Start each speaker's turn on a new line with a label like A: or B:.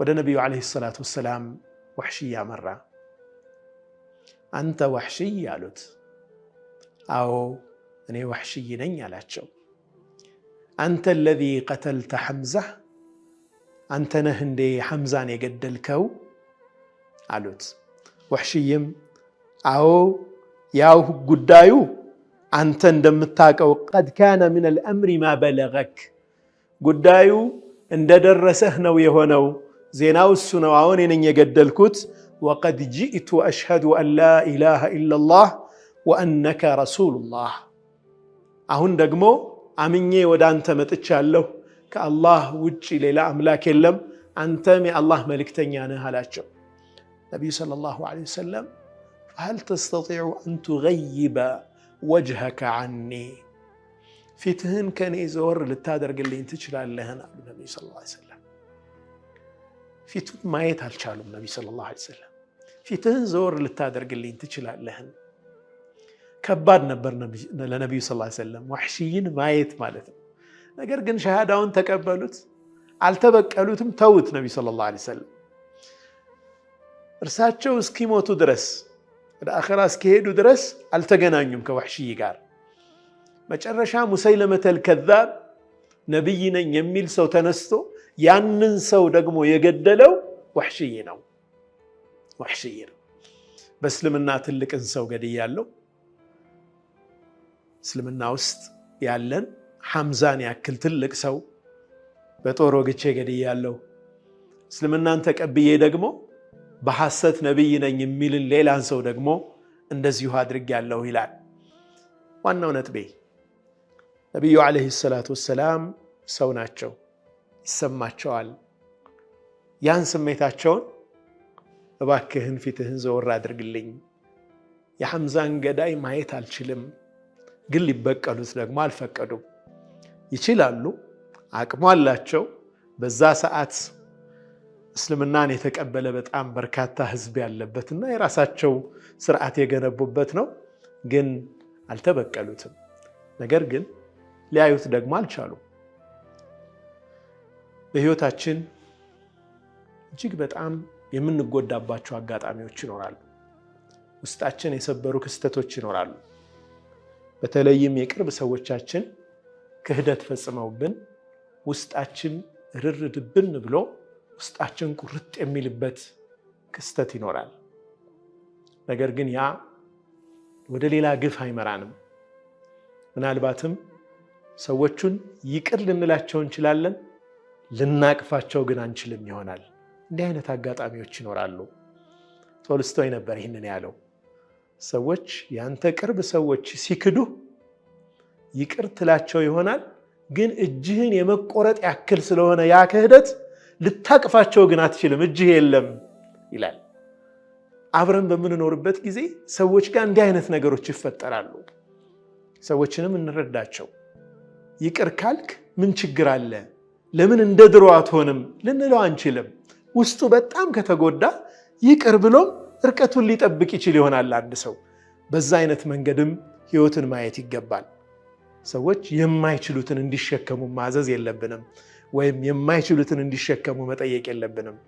A: ወደ ነቢዩ ዓለይሂ ሰላቱ ወሰላም ወሕሽይ አመራ። አንተ ወሕሽይ አሉት። አዎ እኔ ወሕሽይ ነኝ አላቸው። አንተ አለዚ ቀተልተ ሐምዛ አንተ ነህ እንዴ ሐምዛን የገደልከው አሉት። ወሕሽይም አዎ ያው ጉዳዩ አንተ እንደምታውቀው ቀድ ካነ ምን አልአምሪ ማ በለገክ ጉዳዩ እንደደረሰህ ነው የሆነው زيناو السنوعوني نن يجدلكوت وقد جئت أشهد أن لا إله إلا الله وأنك رسول الله أهون دقمو أمني ودان تمت اتشالو كالله وجي ليلا أملاك اللم أنتمي الله ملك تنيانا هلاتشو النبي صلى الله عليه وسلم هل تستطيع أن تغيب وجهك عني في تهن كان يزور للتادر قال لي انت لهنا النبي صلى الله عليه وسلم ፊቱን ማየት አልቻሉም። ነቢ ሰለላሁ ዐለይሂ ወሰለም ፊትህን ዘወር ልታደርግልኝ ትችላለህን? ከባድ ነበር ለነቢዩ ሰለላሁ ዐለይሂ ወሰለም ዋሕሽይን ማየት ማለት ነው። ነገር ግን ሸሃዳውን ተቀበሉት፣ አልተበቀሉትም፣ ተዉት። ነቢ ሰለላሁ ዐለይሂ ወሰለም እርሳቸው እስኪሞቱ ድረስ ወደ አኸራ እስኪሄዱ ድረስ አልተገናኙም ከዋሕሽይ ጋር መጨረሻ ሙሰይለመተል ከዛብ ነቢይ ነኝ የሚል ሰው ተነስቶ ያንን ሰው ደግሞ የገደለው ወሕሽይ ነው። ወሕሽይ ነው። በእስልምና ትልቅን ሰው ገድያለሁ። እስልምና ውስጥ ያለን ሐምዛን ያክል ትልቅ ሰው በጦር ወግቼ ገድያለሁ። እስልምናን ተቀብዬ ደግሞ በሐሰት ነቢይ ነኝ የሚልን ሌላን ሰው ደግሞ እንደዚሁ አድርጌያለሁ ይላል። ዋናው ነጥቤ ነቢዩ ዓለይሂ ሰላቱ ወሰላም ሰው ናቸው፣ ይሰማቸዋል። ያን ስሜታቸውን እባክህን ፊትህን ዘወር አድርግልኝ፣ የሐምዛን ገዳይ ማየት አልችልም። ግን ሊበቀሉት ደግሞ አልፈቀዱም። ይችላሉ፣ አቅሙ አላቸው። በዛ ሰዓት እስልምናን የተቀበለ በጣም በርካታ ህዝብ ያለበትና የራሳቸው ስርዓት የገነቡበት ነው። ግን አልተበቀሉትም። ነገር ግን ሊያዩት ደግሞ አልቻሉ በህይወታችን እጅግ በጣም የምንጎዳባቸው አጋጣሚዎች ይኖራሉ። ውስጣችን የሰበሩ ክስተቶች ይኖራሉ። በተለይም የቅርብ ሰዎቻችን ክህደት ፈጽመውብን ውስጣችን ርርድብን ብሎ ውስጣችን ቁርጥ የሚልበት ክስተት ይኖራል። ነገር ግን ያ ወደ ሌላ ግፍ አይመራንም። ምናልባትም ሰዎቹን ይቅር ልንላቸው እንችላለን፣ ልናቅፋቸው ግን አንችልም ይሆናል። እንዲህ አይነት አጋጣሚዎች ይኖራሉ። ቶልስቶይ ነበር ይህንን ያለው። ሰዎች ያንተ ቅርብ ሰዎች ሲክዱ ይቅር ትላቸው ይሆናል፣ ግን እጅህን የመቆረጥ ያክል ስለሆነ ያ ክህደት ልታቅፋቸው ግን አትችልም፣ እጅህ የለም ይላል። አብረን በምንኖርበት ጊዜ ሰዎች ጋር እንዲህ አይነት ነገሮች ይፈጠራሉ። ሰዎችንም እንረዳቸው። ይቅር ካልክ ምን ችግር አለ? ለምን እንደ ድሮ አትሆንም ልንለው አንችልም። ውስጡ በጣም ከተጎዳ ይቅር ብሎም እርቀቱን ሊጠብቅ ይችል ይሆናል አንድ ሰው። በዛ አይነት መንገድም ህይወትን ማየት ይገባል። ሰዎች የማይችሉትን እንዲሸከሙ ማዘዝ የለብንም፣ ወይም የማይችሉትን እንዲሸከሙ መጠየቅ የለብንም።